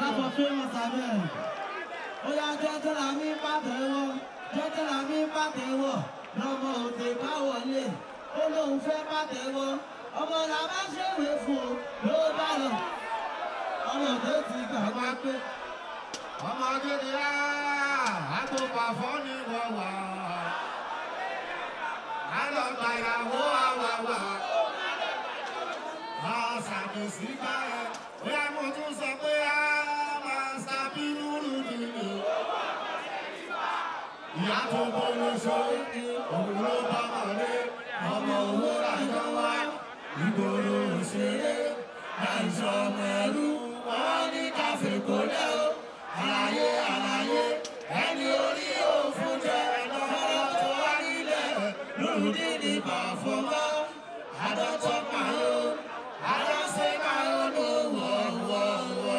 Clap for famous Amen. Ó yá jọ́jọ́ la mi bá tẹ̀wọ́, jọ́jọ́ la mi bá tẹ̀wọ́, lọ́mọ òde bá wọlé, ó lóun fẹ́ bá tẹ̀wọ́, ọmọ la bá ṣèwé fún un ló bá lọ. Ọmọ òde ti gbàgbá pé ọmọ gidi á, àtòpà fọ́ ni wọ́n wà á. Àlọ́ gbàyàwó àwàwà, ọ̀sàkùn sí báyẹn, bóyá mo tún sọ pé. ìyá tó gbóhùn ṣó òun ló bá mọ̀lé ọmọ owó lájọ wá ìgboro òṣèré àìsàn ọmọ ẹrú wọn ní káfí kò lẹ́ o àlàyé àlàyé ẹni orí òfun jẹ lọ́wọ́ tó wá nílẹ̀ lóru dídì bá fọmọ́ àdọ́tọ́ máa ń àdọ́sẹ́ máa ń lò wọ̀ọ̀wọ̀